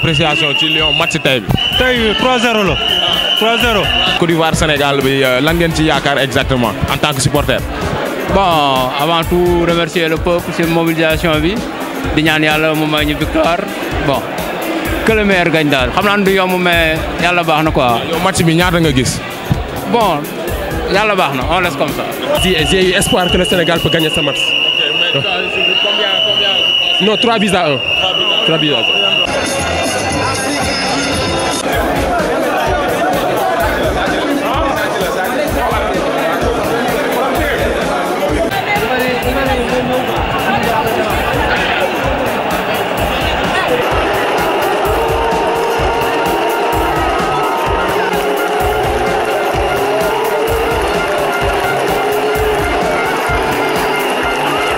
appréciation ci Lion match tay bi. tay 3-0 la. 3-0. Côte d'Ivoire Sénégal bi euh, lan ngeen ci yaakaar exactement en tant que supporter. bon avant tout remercier le peuple ci mobilisation bi di ñaan yalla mu may ñu victoire bon que le meilleur gagne dal xam naa du yomb mais yalla baxna quoi. Ah, yow match bi ñaata nga gis. bon yalla baxna on laisse comme ça. j'ai eu espoir que le Sénégal peut gagner ce match. ok mais combien combien. non 3 buts à 1. 3 buts à 1.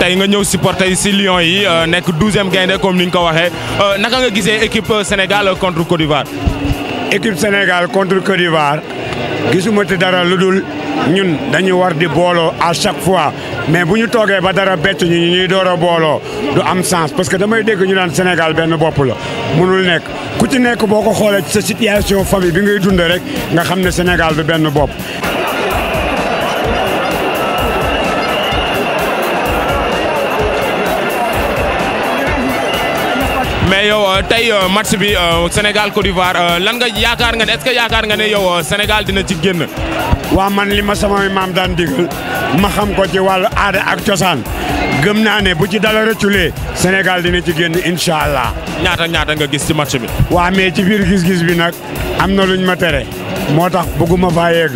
tey nga ñëw supporter si Lions yi euh, nekk douzième gaynde comme ni ñu ko waxee euh, naka nga gisee équipe euh, Sénégal contre Côte d'Ivoire. équipe Sénégal contre Côte d'Ivoire gisuma te dara lu dul ñun dañu war di booloo à chaque fois mais bu ñu toogee ba dara bett ñu ñu ñuy door a booloo du am sens parce que damay dégg ñu naan Sénégal benn bopp la mënul nekk ku ci nekk boo ko xoolee ci sa situation famille bi ngay dund rek nga xam ne Sénégal du benn bopp mais yow tey match bi Sénégal Côte d'Ivoire lan nga yaakaar nga est-ce que yaakaar nga ne yow Sénégal dina ci génn. waa man li ma sama maam daan digal ma xam ko ci wàllu aada ak cosaan gëm naa ne bu ci dala rëcculee Sénégal dina ci génn incha allah. ñaata ñaata nga gis ci match bi. waa mais ci biir gis-gis bi nag am na luñ ma tere moo tax bëgguma faa yegg.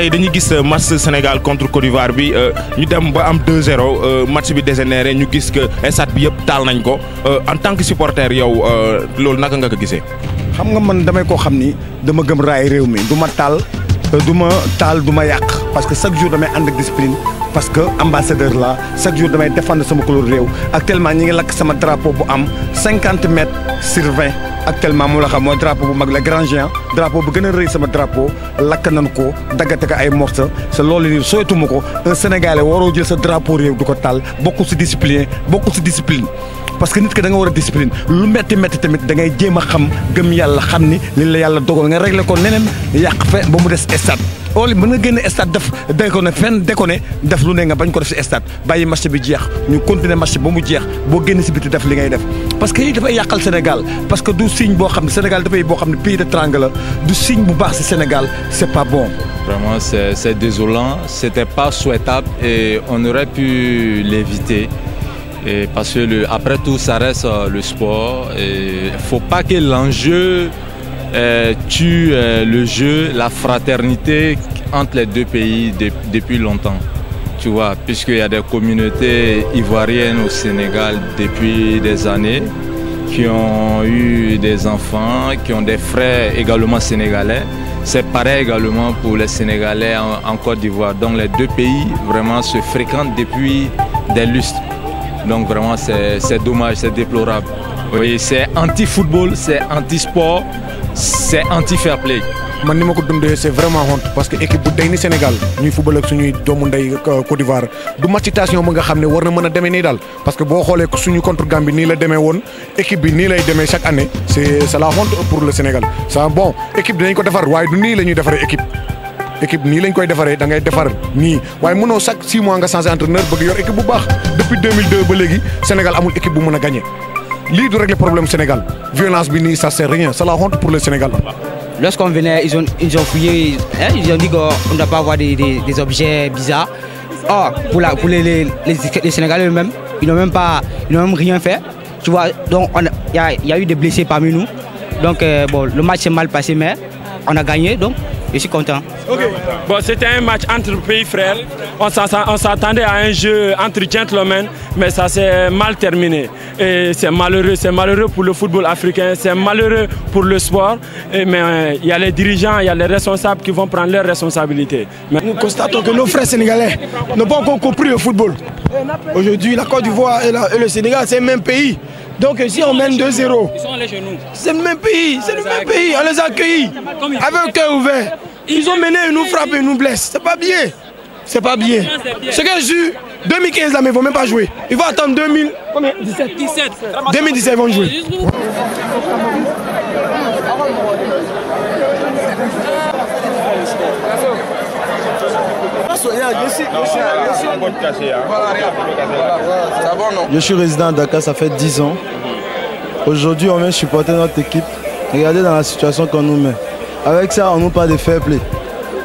tey dañuy gis euh, match Sénégal contre Côte d'Ivoire bi euh, ñu dem 2-0 euh, match bi dégénéré ñu que bi nañ ko en tant que supporter yow loolu naka nga ko gisee. xam nga man damay ko dama gëm parce que chaque jour damay discipline. parce que ambassadeur chaque jour damay défendre sama couleur réew actuellement ngi drapeau bu mètres sur 20 actuellement moom xam moy drapeau bu mag la grand géant drapeau bu gëna reuy sama drapeau lak nan ko daggate ko ay morsa sa loolu ni sooyatuma ko un sénégalais waro jël sa drapeau rew du ko taal bokku ci discipline bokku ci discipline. parce que nit ki da nga war a discipline lu metti metti tamit da ngay jéem a xam gëm yàlla xam ni li la yàlla dogal nga régler ko neneen yàq fe ba mu des stade ool mën nga stade def déconné fenn déconné def lu ne nga bañ ko def ci stade bàyyi match bi jeex ñu continuer match ba mu jeex bo génn ci biti def li ngay def parce que lii dafay yàqal Sénégal parce que du signe boo xam ne Sénégal dafay boo xam ne pays de triangle la du signe bu baax si Sénégal c'est pas bon. Vraiment c'est c'est désolant c'était pas souhaitable et on aurait pu l'éviter. Et parce que le, après tout, ça reste euh, le sport. et faut pas que l'enjeu euh, tue euh, le jeu, la fraternité entre les deux pays depuis longtemps. Tu vois, puisqu'il y a des communautés ivoiriennes au Sénégal depuis des années qui ont eu des enfants, qui ont des frères également sénégalais. C'est pareil également pour les Sénégalais en, Côte d'Ivoire. Donc les deux pays vraiment se fréquentent depuis des lustres. Donc vraiment c'est dommage, c'est déplorable. Oui, c'est anti-football, c'est anti-sport c'est anti-fair play. man ni ma ko dundee c'est vraiment honte parce que équipe bu day ni Sénégal ñuy football ak suñuy doomu ndey euh, Côte d'Ivoire du macitation ba nga xam ne war na mën a demee nii daal parce que boo xoolee suñu contre Gambie nii la demee woon équipe bi nii lay demee chaque année c'est c'est la honte pour le Sénégal ça bon équipe dinañ ko defar waaye du nii la ñuy defaree équipe. équipe nii lañ koy defaree da ngay defar nii waaye mënoo chaque 6 mois nga changer entraîneur bëgg yor équipe bu baax depuis 2002 ba léegi Sénégal amul équipe bu mën a gagner lui doit régler problème Sénégal violence mini, ça sert rien c'est la honte pour le Sénégal. Lorsqu'on venait, ils ont, ont fouillé, hein, ils ont dit qu'on ne doit pas avoir des, objets bizarres. Or, pour, la, les, les, Sénégalais eux-mêmes, ils n'ont même, pas, même rien fait. Tu vois, donc il y, a eu des blessés parmi nous. Donc, euh, bon, le match s'est mal passé, mais on a gagné. Donc, je suis content. Bon, c'était un match entre pays frères. On s'attendait à un jeu entre gentlemen, mais ça s'est mal terminé. Et c'est malheureux, c'est malheureux pour le football africain, c'est malheureux pour le sport. mais il euh, y a les dirigeants, il y a les responsables qui vont prendre leurs responsabilités. Nous constatons que nos frères sénégalais n'ont pas encore compris le football. Aujourd'hui, la Côte d'Ivoire et, le Sénégal, c'est le même pays. Donc si on mène 2-0, c'est le même pays, c'est le même pays. On les a accueillis avec cœur ouvert. Ils ont mené, ils nous frappent, ils nous blessent. C'est pas bien. C'est pas bien. Ce que j'ai 2015 là, mais ils vont même pas jouer. Ils vont attendre 2000, 2017, ils vont jouer. Je suis résident à Dakar, ça fait 10 ans. Aujourd'hui, on vient supporter notre équipe. Regardez dans la situation qu'on nous met. Avec ça, on nous parle de fair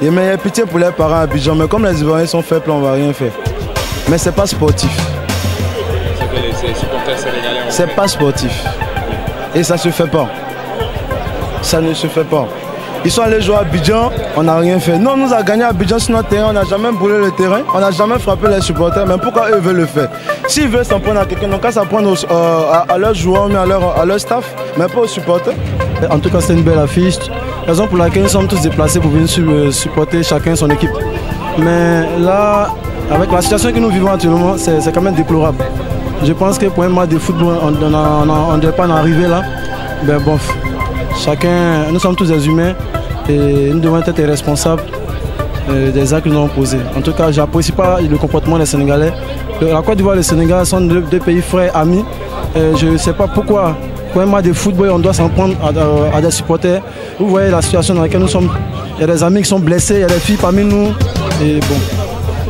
il y a pitié pour les parents à Abidjan, mais comme les Ivoiriens sont faibles, on ne va rien faire. Mais ce n'est pas sportif. C'est pas sportif. Et ça ne se fait pas. Ça ne se fait pas. Ils sont allés jouer à Abidjan, on n'a rien fait. Non, on nous a gagné à Abidjan sur notre terrain, on n'a jamais brûlé le terrain, on n'a jamais frappé les supporters. Mais pourquoi eux veulent le faire S'ils veulent s'en prendre à quelqu'un, donc qu'à s'en prendre euh, à, leurs joueurs, mais à leur, à leur staff, mais pas aux supporters. En tout cas, c'est une belle affiche. Raison pour laquelle nous sommes tous déplacés pour venir euh, supporter chacun son équipe. Mais là, avec la situation que nous vivons actuellement, c'est quand même déplorable. Je pense que pour un match de football, on ne devrait pas en arriver là. Mais ben, bon, chacun, nous sommes tous des humains. Et nous devons être responsables euh, des actes que nous avons posés. En tout cas, je n'apprécie pas le comportement des Sénégalais. Euh, la Côte d'Ivoire et le Sénégal sont deux, pays frères, amis. Euh, je ne sais pas pourquoi, quand il a des football, on doit s'en prendre à, des supporters. Vous voyez la situation dans laquelle nous sommes. Il y a des amis qui sont blessés, il y a des filles parmi nous. Et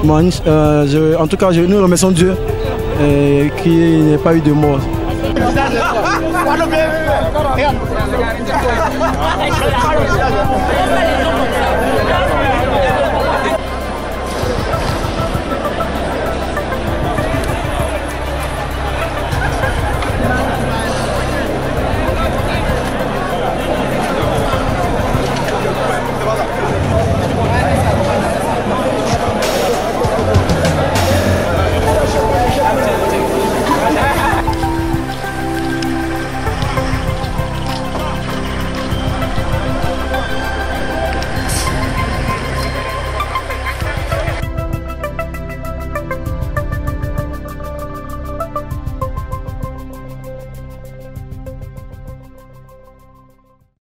bon, en tout cas, nous remercions Dieu qu'il n'y ait pas eu de mort. Guárdame.